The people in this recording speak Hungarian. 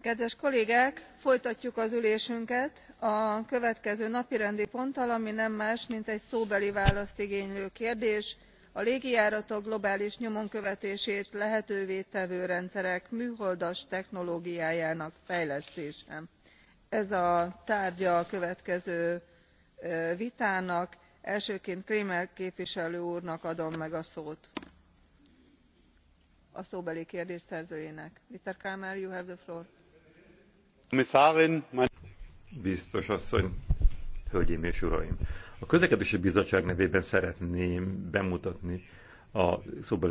kedves kollégák folytatjuk az ülésünket a következő napirendi ponttal ami nem más mint egy szóbeli választ igénylő kérdés a légijáratok globális nyomon követését lehetővé tevő rendszerek műholdas technológiájának fejlesztése. ez a tárgya a következő vitának elsőként krehmer képviselő úrnak adom meg a szót a szóbeli kérdés szerzőjének. mr. Kramer, you have the floor. Biztos asszony, hölgyeim és uraim! A közlekedési bizottság nevében szeretném bemutatni a szóbeli